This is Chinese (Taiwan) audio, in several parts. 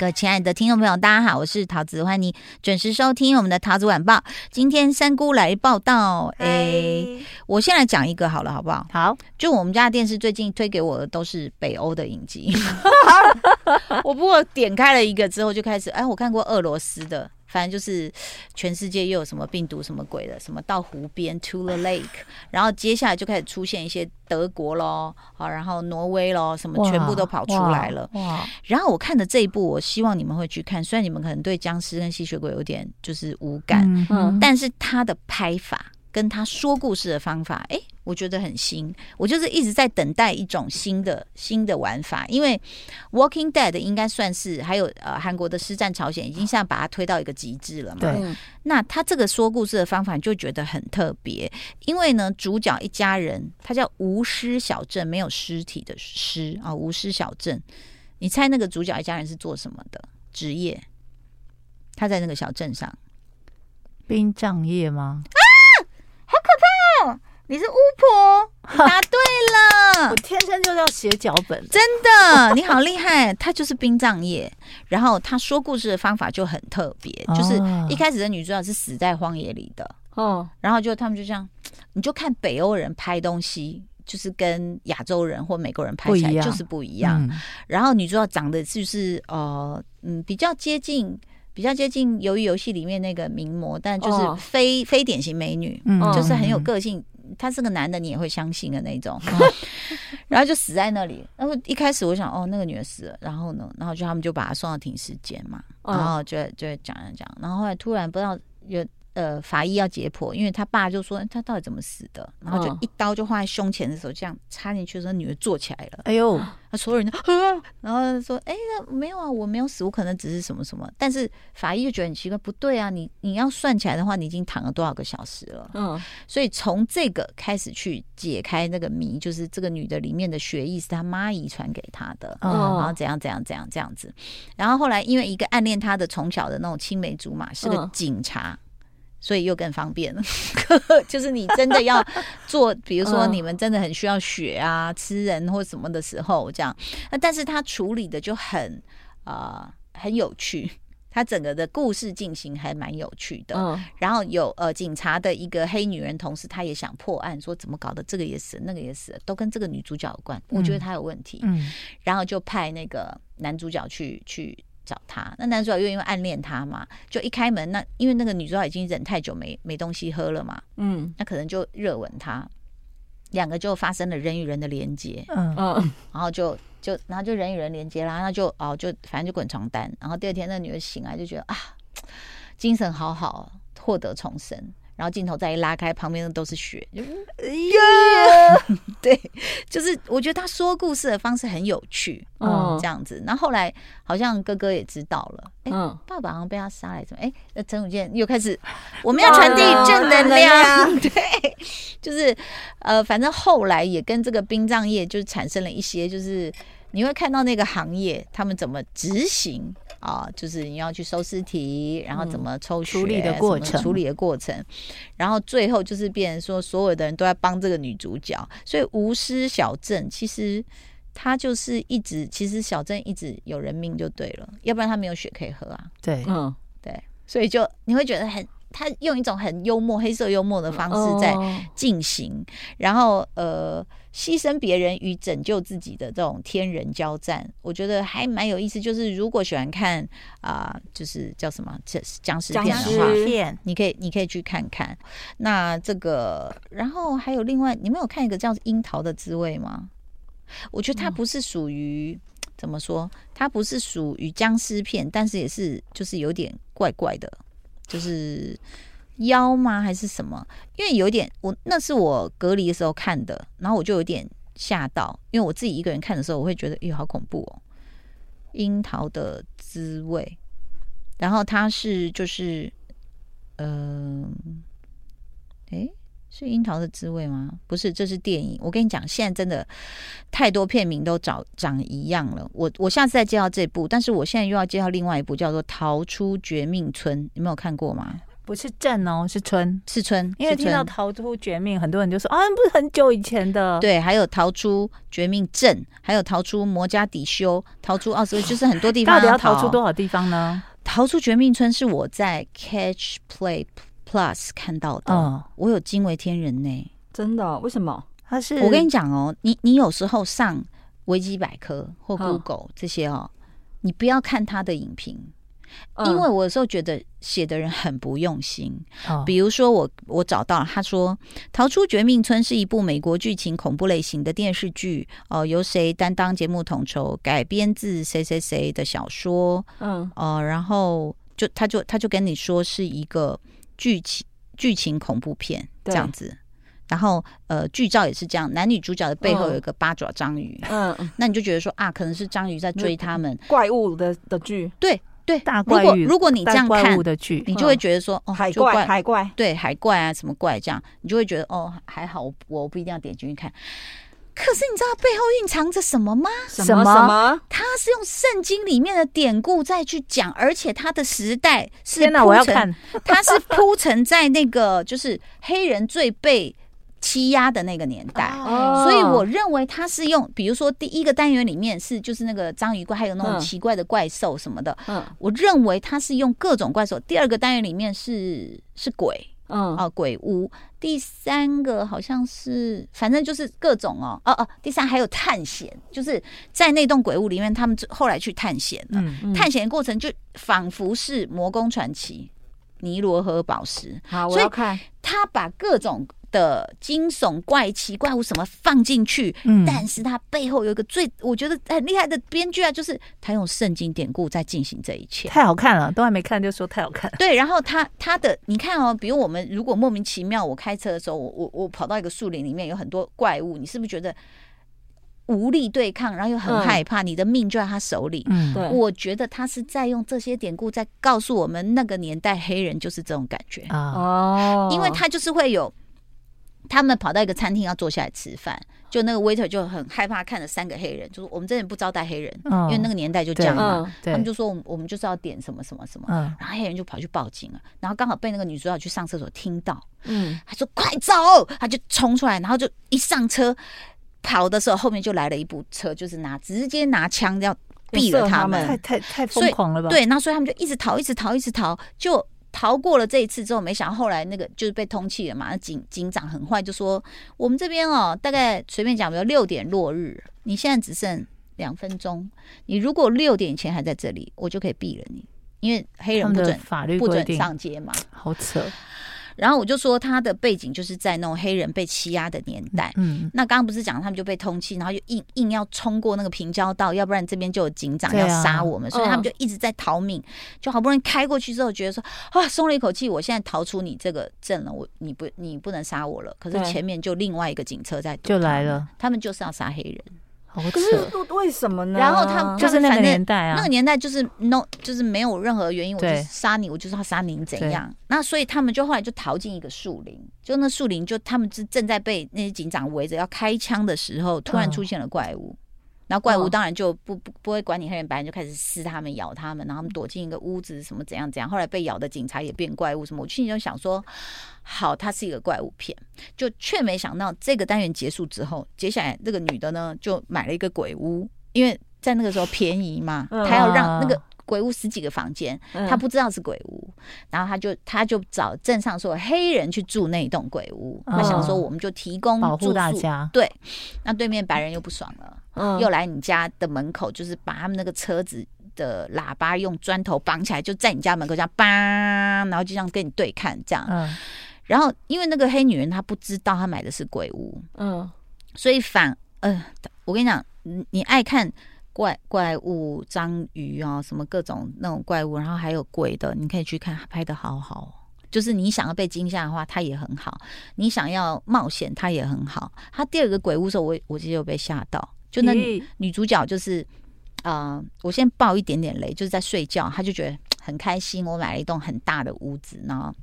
各位親愛的聽眾朋友，大家好，我是陶子，歡迎你準時收聽我們的陶子晚報。今天三姑來報道，誒、欸，我先來講一個好了，好不好？好，就我們家電視最近推給我的都是北歐的影集， 我不過點開了一個之後就開始，哎，我看過俄羅斯的。反正就是全世界又有什麼病毒什麼鬼的，什麼到湖邊 （to the lake）， 然後接下來就開始出現一些德國咯，好，然後挪威咯，什麼全部都跑出來了哇哇哇。然後我看的這一部，我希望你們會去看。雖然你們可能對僵屍跟吸血鬼有點就是無感，嗯，但是他的拍法。跟他說故事的方法，哎、欸，我覺得很新。我就是一直在等待一種新的新的玩法，因為《Walking Dead》應該算是，還有呃韓國的《屍戰朝鮮》已經像把它推到一個極致了嘛。對。那他這個說故事的方法就覺得很特別，因為呢，主角一家人他叫無屍小鎮，沒有屍體的屍啊、哦，無屍小鎮。你猜那個主角一家人是做什麼的職業？他在那個小鎮上，殯葬業嗎？你是巫婆，答對了。 我天生就是要寫腳本， 真的，你好厲害。她就是殯葬業，然後她說故事的方法就很特別，就是一開始的女主角是死在荒野裡的。哦，然後就他們就這樣，你就看北歐人拍東西，就是跟亞洲人或美國人拍起來就是不一樣，嗯。然後女主角長得就是呃嗯比較接近比較接近《魷魚遊戲》裡面那個名模，但就是非、哦、非典型美女，嗯，就是很有個性。嗯他是個男的，你也會相信的那種，然後就死在那裡。然後一開始我想，哦，那個女的死了，然後呢，然後就他們就把他送到停屍間嘛，然後就就講講講，然後後來突然不知道有。呃，法醫要解剖，因為他爸就說、欸、他到底怎麼死的，然後就一刀就劃在胸前的時候，嗯、這樣插進去的時候，女的坐起來了。哎呦，所有人，然後就說：“哎、欸，沒有啊，我沒有死，我可能只是什麼什麼。”但是法醫就覺得很奇怪，不對啊！你你要算起來的話，你已經躺了多少個小時了？嗯，所以從這個開始去解開那個謎，就是這個女的裡面的血液是她媽遺傳給她的，嗯，然後怎樣怎樣怎樣這樣子。然後後來因為一個暗戀她的從小的那種青梅竹馬是個警察。嗯所以又更方便了， 就是你真的要做，比如說你們真的很需要血啊、吃人或什麼的時候，這樣。那但是他處理的就很啊、呃、很有趣，他整個的故事進行還蠻有趣的。然後有呃，警察的一個黑女人同事她也想破案，說怎麼搞的，這個也死，那個也死，都跟這個女主角有關，我覺得她有問題。嗯。然後就派那個男主角去去。找他，那男主角又因為暗戀他嘛，就一開門那，那因為那個女主角已經忍太久沒沒東西喝了嘛，嗯，那可能就熱吻他，兩個就發生了人與人的連接，嗯，嗯，然後就就然後就人與人連接啦，那就哦就反正就滾床單，然後第二天那女的醒來就覺得啊，精神好好，獲得重生。然後鏡頭再一拉開，旁邊的都是雪，就哎呀 yeah! 對，就是我覺得他說故事的方式很有趣，哦、嗯、這樣子。然後後來好像哥哥也知道了，嗯、爸爸好像被他殺來着，哎，陳楚建又開始，我們要傳遞正能量， 對，就是呃，反正後來也跟這個殯葬業就產生了一些就是。你會看到那個行業他們怎麼執行啊？就是你要去收屍體，然後怎麼抽、嗯、處理的過程，處理的過程，然後最後就是變成說所有的人都在幫這個女主角。所以無屍小鎮其實它就是一直，其實小鎮一直有人命就對了，要不然他沒有血可以喝啊。對，嗯，嗯對，所以就你會覺得很。他用一種很幽默、黑色幽默的方式在進行，oh. 然後呃，犧牲別人與拯救自己的這種天人交戰，我覺得還蠻有意思。就是如果喜歡看啊、呃，就是叫什麼僵屍僵屍片的話，你可以你可以去看看。那這個，然後還有另外，你沒有看一個叫《櫻桃的滋味》嗎？我覺得它不是屬於、oh. 怎麼說，它不是屬於僵屍片，但是也是就是有點怪怪的。就是妖嗎？還是什麼？因為有點，我那是我隔離的時候看的，然後我就有點嚇到，因為我自己一個人看的時候，我會覺得，咦、欸，好恐怖哦！櫻桃的滋味，然後它是就是，嗯、呃……誒。是櫻桃的滋味嗎？不是，這是電影。我跟你講，現在真的太多片名都找長，長一樣了。我我下次再介紹這一部，但是我現在又要介紹另外一部，叫做《逃出絕命村》，你們有看過嗎？不是鎮哦，是村，是村。因為聽到《逃出絕命》，很多人就說啊，不是很久以前的。對，還有《逃出絕命鎮》，還有逃《逃出摩加迪休》，逃出奧斯威，就是很多地方。到底要逃出多少地方呢？《逃出絕命村》是我在 Catch Play Plus 看到的，嗯、我有驚為天人呢、欸，真的。哦？為什麼？他是我跟你講哦，你你有時候上維基百科或 Google 這些哦，嗯、你不要看他的影評、嗯，因為我有時候覺得寫的人很不用心。嗯、比如說我我找到了他說，《逃出絕命村》是一部美國劇情恐怖類型的電視劇，哦、呃，由誰擔當節目統籌，改編自誰誰誰的小說，嗯，呃，然後就他就他就跟你說是一個。劇情劇情恐怖片這樣子，然後呃劇照也是這樣，男女主角的背後有一個八爪章魚，哦、嗯， 那你就覺得說啊，可能是章魚在追他們怪物的的劇，對對，大怪物，如果你這樣看怪物的劇，你就會覺得說、嗯、哦，海怪海怪，對海怪啊什麼怪這樣，你就會覺得哦還好，我我不一定要點進去看。可是你知道背後蘊藏着什麼嗎？什麼什麼？他是用聖經裡面的典故再去講，而且他的時代是鋪陳，天啊、我要看、 他是鋪陳在那個就是黑人最被欺壓的那個年代。哦、所以我認為他是用，比如說第一個單元裡面是就是那個章魚怪，還有那種奇怪的怪獸什麼的。嗯嗯、我認為他是用各種怪獸。第二個單元裡面是是鬼。嗯、哦、啊，鬼屋，第三個好像是，反正就是各種哦，哦哦，第三個還有探險，就是在那棟鬼屋裡面，他們後來去探險了、嗯嗯，探險的過程就仿佛是《魔宮傳奇》。尼羅河寶石，好，我要看。所以他把各種的驚悚、怪奇、怪物什麼放進去，嗯，但是他背後有一個最我覺得很厲害的編劇啊，就是他用聖經典故在進行這一切。太好看了，都還沒看就說太好看了。 對，然後他他的你看哦，比如我們如果莫名其妙我開車的時候，我我我跑到一個樹林裡面有很多怪物，你是不是覺得？無力對抗，然後又很害怕，嗯，你的命就在他手裡。嗯，對，我覺得他是在用這些典故在告訴我們，那個年代黑人就是這種感覺啊。哦，因為他就是會有，他們跑到一個餐廳要坐下來吃飯，就那個 waiter 就很害怕，看了三個黑人，就是我們這裡不招待黑人，嗯，因為那個年代就這樣嘛。哦，對，哦，對。他們就說我們我們就是要點什麼什麼什麼，嗯，然後黑人就跑去報警了，然後剛好被那個女主角去上廁所聽到，嗯，他說快走，他就衝出來，然後就一上車。逃的時候，後面就來了一部車，就是拿直接拿槍要斃了他們，他們太太太瘋狂了吧？對，那所以他們就一直逃，一直逃，一直逃，就逃過了這一次之後，沒想到後來那個就是被通緝了嘛。那警警長很壞，就說我們這邊哦，大概隨便講，比如六點落日，你現在只剩兩分鐘，你如果六點前還在這裡，我就可以斃了你，因為黑人不准法律不准上街嘛，好扯。然後我就說，他的背景就是在那種黑人被欺壓的年代。嗯，那剛剛不是講他們就被通緝，然後就硬硬要衝過那個平交道，要不然這邊就有警長要殺我們，嗯，所以他們就一直在逃命，嗯，就好不容易開過去之後，覺得說啊，鬆了一口氣，我現在逃出你這個鎮了，我你不你不能殺我了。可是前面就另外一個警車在，就來了，他們就是要殺黑人。可是為什麼呢？然後他們就是那個年代啊，那個年代就是 no，就是沒有任何原因，我就殺你，我就是要殺你，怎樣？那所以他們就後來就逃進一個樹林，就那樹林就他們正正在被那些警長圍着要開槍的時候，突然出現了怪物。那怪物當然就不不不會管你黑人白人，就開始撕他們，咬他們，然後他們躲進一個屋子，什麼怎樣怎樣。後來被咬的警察也變怪物什麼。我心裡就想說，好，它是一個怪物片，就卻沒想到這個單元結束之後，接下來這個女的呢就買了一個鬼屋，因為在那個時候便宜嘛，她、嗯、要讓那個鬼屋十幾個房間，她不知道是鬼屋，然後她就她就找鎮上所有黑人去住那一棟鬼屋，她想說我們就提供住宿，保護大家。對，那對面白人又不爽了。嗯，又來你家的門口，嗯、就是把他們那個車子的喇叭用磚頭綁起來，就在你家門口這樣叭，然後就這樣跟你對看這樣。嗯，然後因為那個黑女人她不知道她買的是鬼屋，嗯，所以反，嗯、呃，我跟你講，你愛看怪怪物、章魚啊，什麼各種那種怪物，然後還有鬼的，你可以去看，拍得好好。就是你想要被驚嚇的話，她也很好；你想要冒險，她也很好。他第二個鬼屋的時候，我我就又被嚇到。就那女主角就是，啊，我先爆一點點雷，就是在睡覺，她就覺得很開心。我買了一棟很大的屋子，然後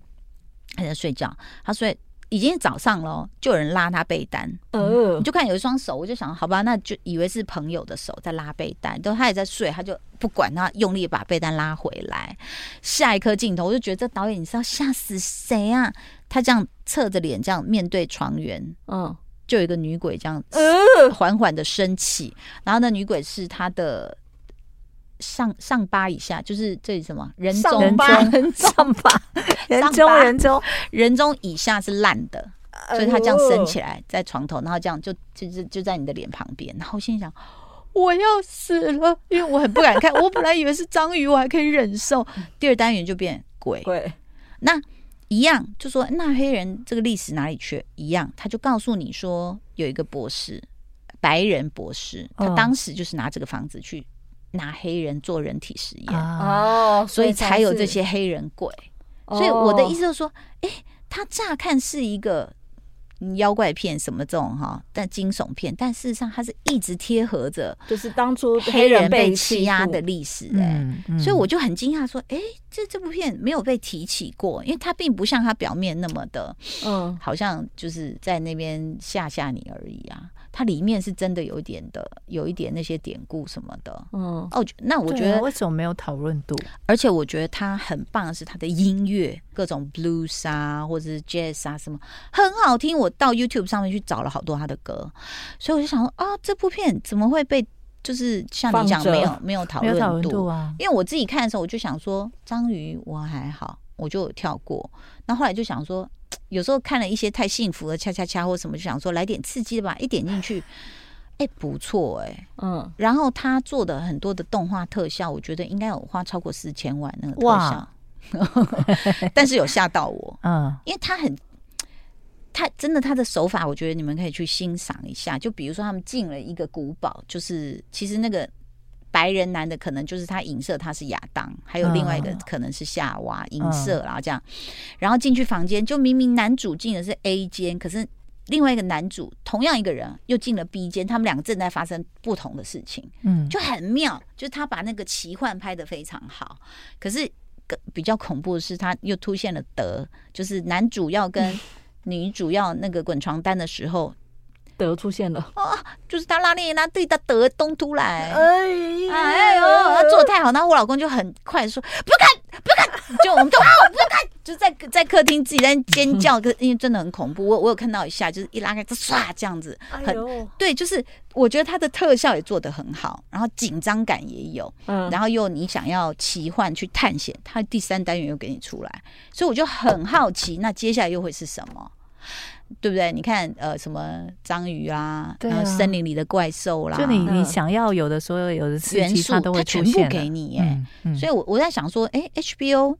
還在睡覺。她睡已經早上嘍，就有人拉她被單。嗯，你就看有一雙手，我就想，好吧，那就以為是朋友的手在拉被單。都她也在睡，她就不管，她用力把被單拉回來。下一顆鏡頭，我就覺得這導演你是要嚇死誰啊？她這樣側着臉這樣面對床緣。嗯。就有一個女鬼這樣緩緩生，緩緩的升起。然後那女鬼是她的上上巴以下，就是這裡什麼人中？人中？人中？人中？人中？人中？人中以下是爛的，所以她這樣升起來，在床頭，然後這樣就就就就在你的臉旁邊。然後我心想，我要死了，因為我很不敢看。 我本來以為是章魚，我還可以忍受。 第二單元就變鬼鬼。那一樣，就說那黑人這個歷史哪裡缺？一樣，他就告訴你說有一個博士，白人博士，他當時就是拿這個房子去拿黑人做人體實驗啊，哦、所以、哦、所以才有這些黑人鬼。所以我的意思就是說，誒、哦欸，他乍看是一個。妖怪片什麼這種哈，但驚悚片，但事實上它是一直貼合着、欸，就是當初黑人被欺壓的歷史哎，所以我就很驚訝說，哎、欸，這這部片沒有被提起過，因為它並不像它表面那麼的，嗯，好像就是在那邊嚇嚇你而已啊。它裡面是真的有一點的，有一點那些典故什麼的。嗯，哦，那我覺得、啊、為什麼沒有討論度？而且我覺得他很棒的是他的音樂，各種 blues 啊，或者是 jazz 啊什麼，很好聽。我到 YouTube 上面去找了好多他的歌，所以我就想說啊、哦，這部片怎麼會被就是像你講沒有沒有討論度，度啊？因為我自己看的時候我就想說章魚我還好，我就有跳過。那後，後來就想說。有時候看了一些太幸福的恰恰恰或什麼，就想說來點刺激的吧。一點進去，哎，不錯哎，嗯。然後他做的很多的動畫特效，我覺得應該有花超過四千萬那個特效， 但是有嚇到我，嗯，因為他很，他真的他的手法，我覺得你們可以去欣賞一下。就比如說他們進了一個古堡，就是其實那個。白人男的可能就是他影射他是亞當，還有另外一個可能是夏娃影射、嗯，然後這樣，然後進去房間，就明明男主進的是 A 間，可是另外一個男主同樣一個人又進了 B 間，他們兩個正在發生不同的事情，嗯，就很妙，就是他把那個奇幻拍得非常好。可是比較恐怖的是，他又出現了德，就是男主要跟女主要那個滾床單的時候。嗯德出現了哦，就是他拉鏈，拉，對他德東出來，哎呦，哎呦他做得太好，那我老公就很快說不要看，不要看，就我們就 啊，不要看，就在在客廳自己在尖叫， 因為真的很恐怖。我我有看到一下，就是一拉開唰，這樣子，很、哎、對，就是我覺得它的特效也做的很好，然後緊張感也有，嗯，然後又你想要奇幻去探險，它第三單元又給你出來，所以我就很好奇，那接下來又會是什麼？對不對？你看，呃，什麼章魚啊，啊啊森林裡的怪獸啦，就你你想要有的所有，有的元素，它全部給你欸。嗯，嗯，所以我我在想說，哎、欸，HBO。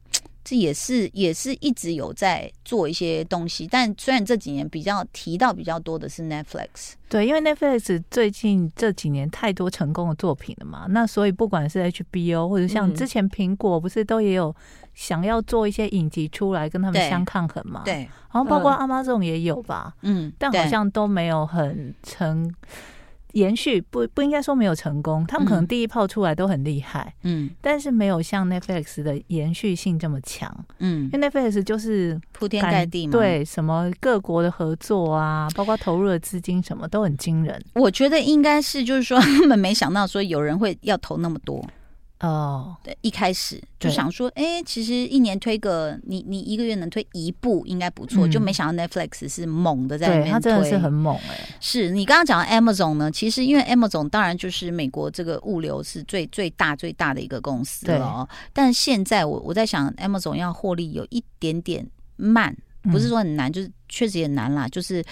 是也是也是一直有在做一些東西，但雖然這幾年比較提到比較多的是 Netflix，對，因為 Netflix 最近這幾年太多成功的作品了嘛，那所以不管是 HBO 或者像之前蘋果不是都也有想要做一些影集出來跟他們相抗衡嘛，對，然後包括 Amazon 這種也有吧，嗯，但好像都沒有很成。延續，不不應該說沒有成功。他們可能第一炮出來都很厲害，嗯，嗯，但是沒有像 Netflix 的延續性這麼強，嗯，因為 Netflix 就是鋪天蓋地嘛，對，什麼各國的合作啊，包括投入的資金什麼都很驚人。我覺得應該是就是說他們沒想到說有人會要投那麼多。哦、oh,，對，一開始就想說，哎、欸，其實一年推個你，你一個月能推一部應該不錯、嗯，就沒想到 Netflix 是猛的在裡面真的是很猛哎、欸。是你剛剛講 M 總呢？其實因為 M 總當然就是美國這個物流是最最大最大的一個公司了，但現在我我在想 M 總要獲利有一點點慢，不是說很難，嗯、就是確實也難啦，就是。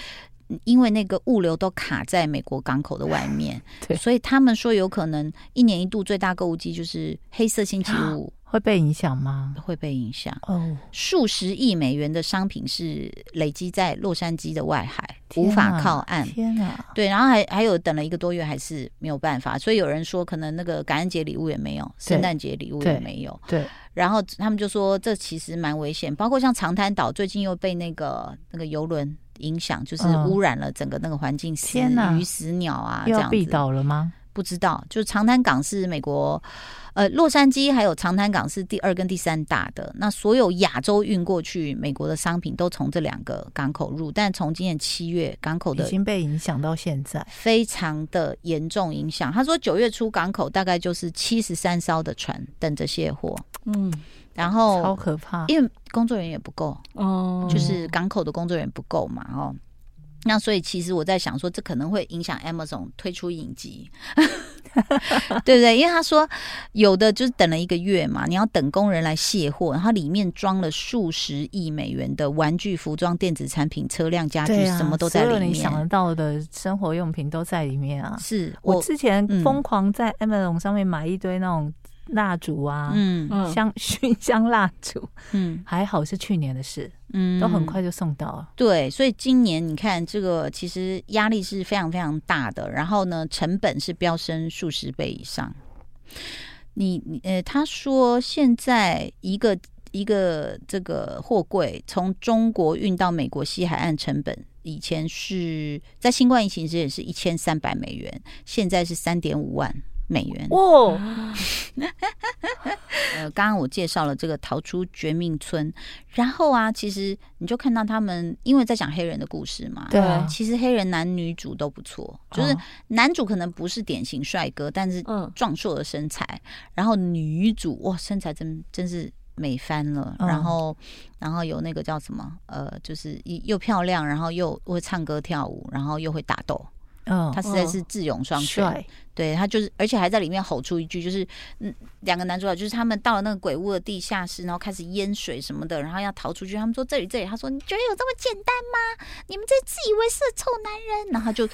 因為那個物流都卡在美國港口的外面， 對，所以他們說有可能一年一度最大購物季就是黑色星期五，啊、會被影響嗎？會被影響哦，數十億美元的商品是累積在洛杉磯的外海，啊，無法靠岸。天啊，對，然後還還有等了一個多月還是沒有辦法，所以有人說可能那個感恩節禮物也沒有，聖誕節禮物也沒有對。對，然後他們就說這其實蠻危險，包括像長灘島最近又被那個那個遊輪。影響就是污染了整個那個環境，死、嗯、魚死鳥啊，這樣子。不知道，就是長灘港是美國，呃，洛杉磯還有長灘港是第二跟第三大的。那所有亞洲運過去美國的商品都從這兩個港口入，但從今年七月港口的，的已經被影響到現在，非常的嚴重影響。他說九月初港口大概就是七十三艘的船等着卸貨，嗯，然後超可怕，因為工作人員也不夠哦，就是港口的工作人員不夠嘛，哦。那所以，其實我在想說，這可能會影響 Amazon 推出影集 對不對？因為他說有的就是等了一個月嘛，你要等工人來卸貨，然後裡面裝了數十億美元的玩具、服裝、電子產品、車輛、家具、啊，什麼都在裡面，你想得到的生活用品都在裡面啊！是我，我之前瘋狂在 Amazon 上面買一堆那種蠟燭啊，嗯，香熏、嗯、香蠟燭，嗯，還好是去年的事。嗯，都很快就送到了，嗯。對，所以今年你看，這個其實壓力是非常非常大的，然後呢，成本是飆升數十倍以上。你呃、欸，他說現在一個一個這個貨櫃從中國運到美國西海岸成本，以前是在新冠疫情時也是一千三百美元，現在是三點五萬。美元哦、oh. 呃，剛剛我介紹了這個逃出絕命村，然後啊，其實你就看到他們因為在講黑人的故事嘛，對、啊呃，其實黑人男女主都不錯，就是男主可能不是典型帥哥，但是壯碩的身材，uh. 然後女主哇身材真真是美翻了，uh. 然後然後有那個叫什麼呃，就是又漂亮，然後又會唱歌跳舞，然後又會打鬥。嗯、哦，他實在是智勇雙全，對，他就是，而且還在裡面吼出一句，就是嗯，兩個男主角就是他們到了那個鬼屋的地下室，然後開始淹水什麼的，然後要逃出去。他們說這裡這裡，他說你覺得有這麼簡單嗎？你們這自以為是的臭男人。然後就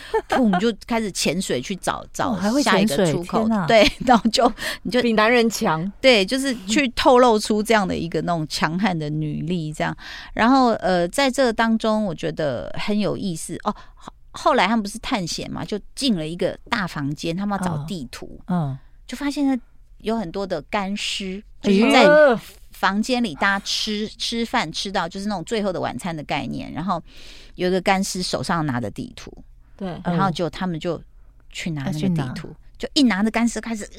母 就開始潛水去找找下一個出口。哦啊、對，然後就你就比男人強，對，就是去透露出這樣的一個那種強悍的女力這樣。然後呃，在這當中我覺得很有意思哦。後來他們不是探險嘛，就進了一個大房間，他們要找地圖，哦、嗯，就發現呢有很多的乾屍，就、哎、是在房間裡大家吃吃飯吃到就是那種最後的晚餐的概念，然後有一個乾屍手上拿的地圖，對，然後就他們就去拿那個地圖。.就一拿着，乾屍開始、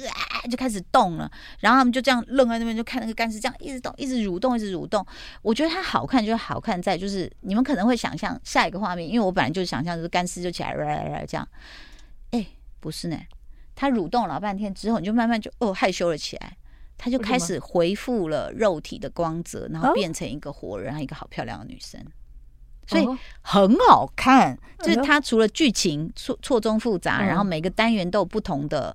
呃，就開始動了，然後他們就這樣愣在那邊，就看那個乾屍這樣一直，一直動，一直蠕動，一直蠕動。我覺得它好看，就好看在就是你們可能會想象下一個畫面，因為我本來就想象就是乾屍就起來，呃呃、這樣，哎、欸，不是呢，他蠕動老半天之後，你就慢慢就哦害羞了起來，他就開始恢復了肉體的光澤，然後變成一個活人，一個好漂亮的女生。所以很好看，oh. 就是它除了劇情、oh. 錯錯綜複雜、嗯，然後每個單元都有不同的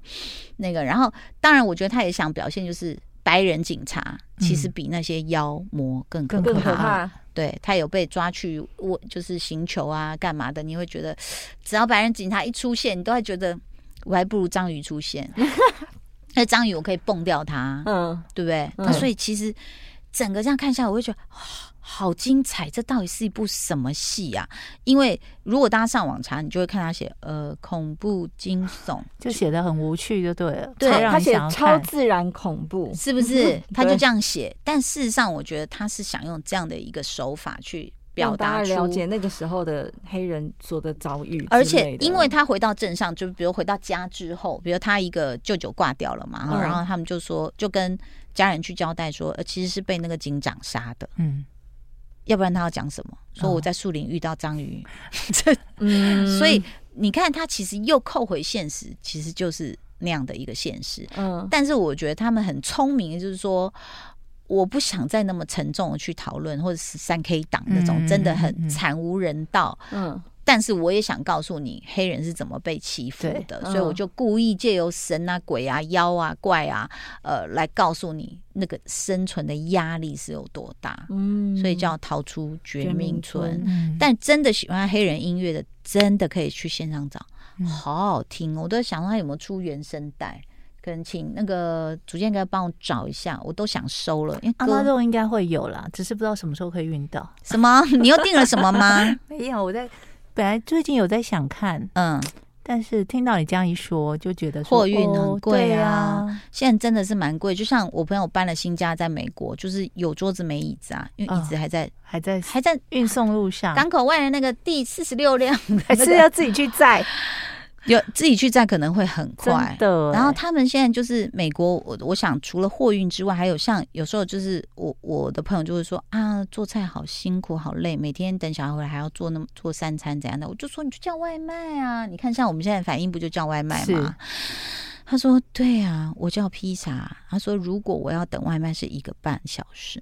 那個，然後當然我覺得他也想表現就是白人警察、嗯、其實比那些妖魔更更可怕，嗯、對他有被抓去我就是刑求啊幹嘛的，你會覺得只要白人警察一出現，你都會覺得我還不如章魚出現，那 章魚我可以蹦掉他，嗯，對不對？那、嗯、所以其實整個這樣看下來，我會覺得。好精彩！這到底是一部什麼戲啊？因為如果大家上網查，你就會看他寫，呃，恐怖驚悚，就寫得很無趣，就對了。對他，他寫超自然恐怖，是不是？他就這樣寫。 但事實上，我覺得他是想用這樣的一個手法去表達，了解那個時候的黑人所的遭遇的。而且，因為他回到鎮上，就比如回到家之後，比如他一個舅舅掛掉了嘛，啊，然後他們就說，就跟家人去交代說，呃、其實是被那個警長殺的。嗯。要不然他要講什麼？說我在樹林遇到章魚，嗯， 所以你看，他其實又扣回現實，其實就是那樣的一個現實。嗯。但是我覺得他們很聰明，就是說我不想再那麼沉重的去討論，或者是三 K 黨那種真的很慘無人道。嗯，嗯。嗯嗯嗯嗯但是我也想告訴你，黑人是怎麼被欺負的，哦，所以我就故意借由神啊、鬼啊、妖啊、怪啊，呃，來告訴你那個生存的壓力是有多大。嗯，所以叫逃出絕命村，絕命村，嗯。但真的喜歡黑人音樂的，真的可以去線上找，嗯、好好聽，哦。我都在想他有沒有出原聲帶，跟請那個竹間哥幫我找一下，我都想收了。因為阿拉洞應該會有啦，只是不知道什麼時候可以運到。什麼？你又訂了什麼嗎？ 沒有，我在。本來最近有在想看，嗯，但是聽到你這樣一說，就覺得貨運很貴啊！現在真的是蠻貴，就像我朋友搬了新家，在美國，就是有桌子沒椅子啊，因為椅子還在，哦、還在，還在運送路上，港口外的那個第四十六輛，還是要自己去載。 有自己去站可能會很快，真的欸。然後他們現在就是美國，我我想除了貨運之外，還有像有時候就是我我的朋友就會說啊，做菜好辛苦好累，每天等小孩回來還要做那麼做三餐怎樣的，我就說你去叫外賣啊！你看像我們現在反應不就叫外賣嗎？他說對啊，我叫披薩。他說如果我要等外賣是一個半小時，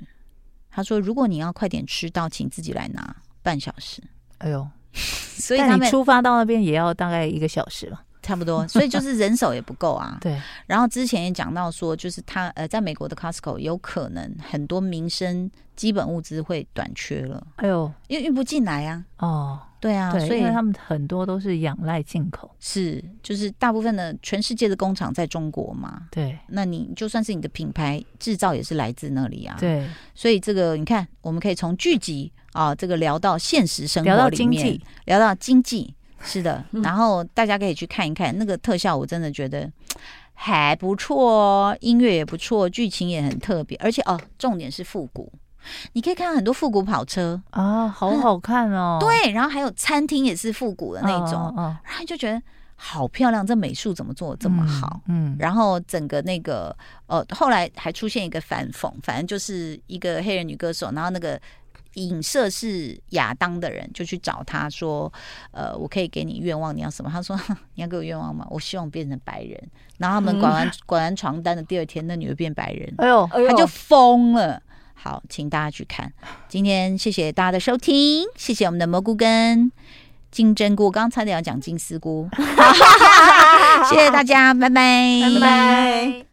他說如果你要快點吃到，請自己來拿半小時。哎呦。所 以你出發到那邊也要大概一個小時吧，差不多。所以就是人手也不夠啊。 對。然後之前也講到說，就是他呃，在美國的 Costco 有可能很多民生基本物資會短缺了。啊、哎呦，因為運不進來呀。哦。對啊，對，所以他們很多都是仰賴進口，是，就是大部分的全世界的工廠在中國嘛，對，那你就算是你的品牌制造也是來自那裡啊，對，所以這個你看，我們可以從劇集啊這個聊到現實生活裡面，聊到經濟，聊到經濟，是的， 然後大家可以去看一看那個特效，我真的覺得還不錯哦，音樂也不錯，劇情也很特別，而且哦，重點是復古。你可以看到很多復古跑車啊，好好看哦，嗯。對，然後還有餐廳也是復古的那種，啊啊啊，然後你就覺得好漂亮。這美術怎麼做的這麼好嗯？嗯，然後整個那個呃，後來還出現一個反諷，反正就是一個黑人女歌手，然後那個影射是亞當的人就去找他說：“呃，我可以給你願望，你要什麼？”他說：“你要給我願望嗎？我希望我變成白人。”然後他們滾完滾，嗯，完床單的第二天，那女的變白人，哎呦，他，哎，就瘋了。好，請大家去看。今天謝謝大家的收聽，謝謝我們的蘑菇跟金針菇。剛才的要講金絲菇， 謝謝大家，拜 拜，拜拜。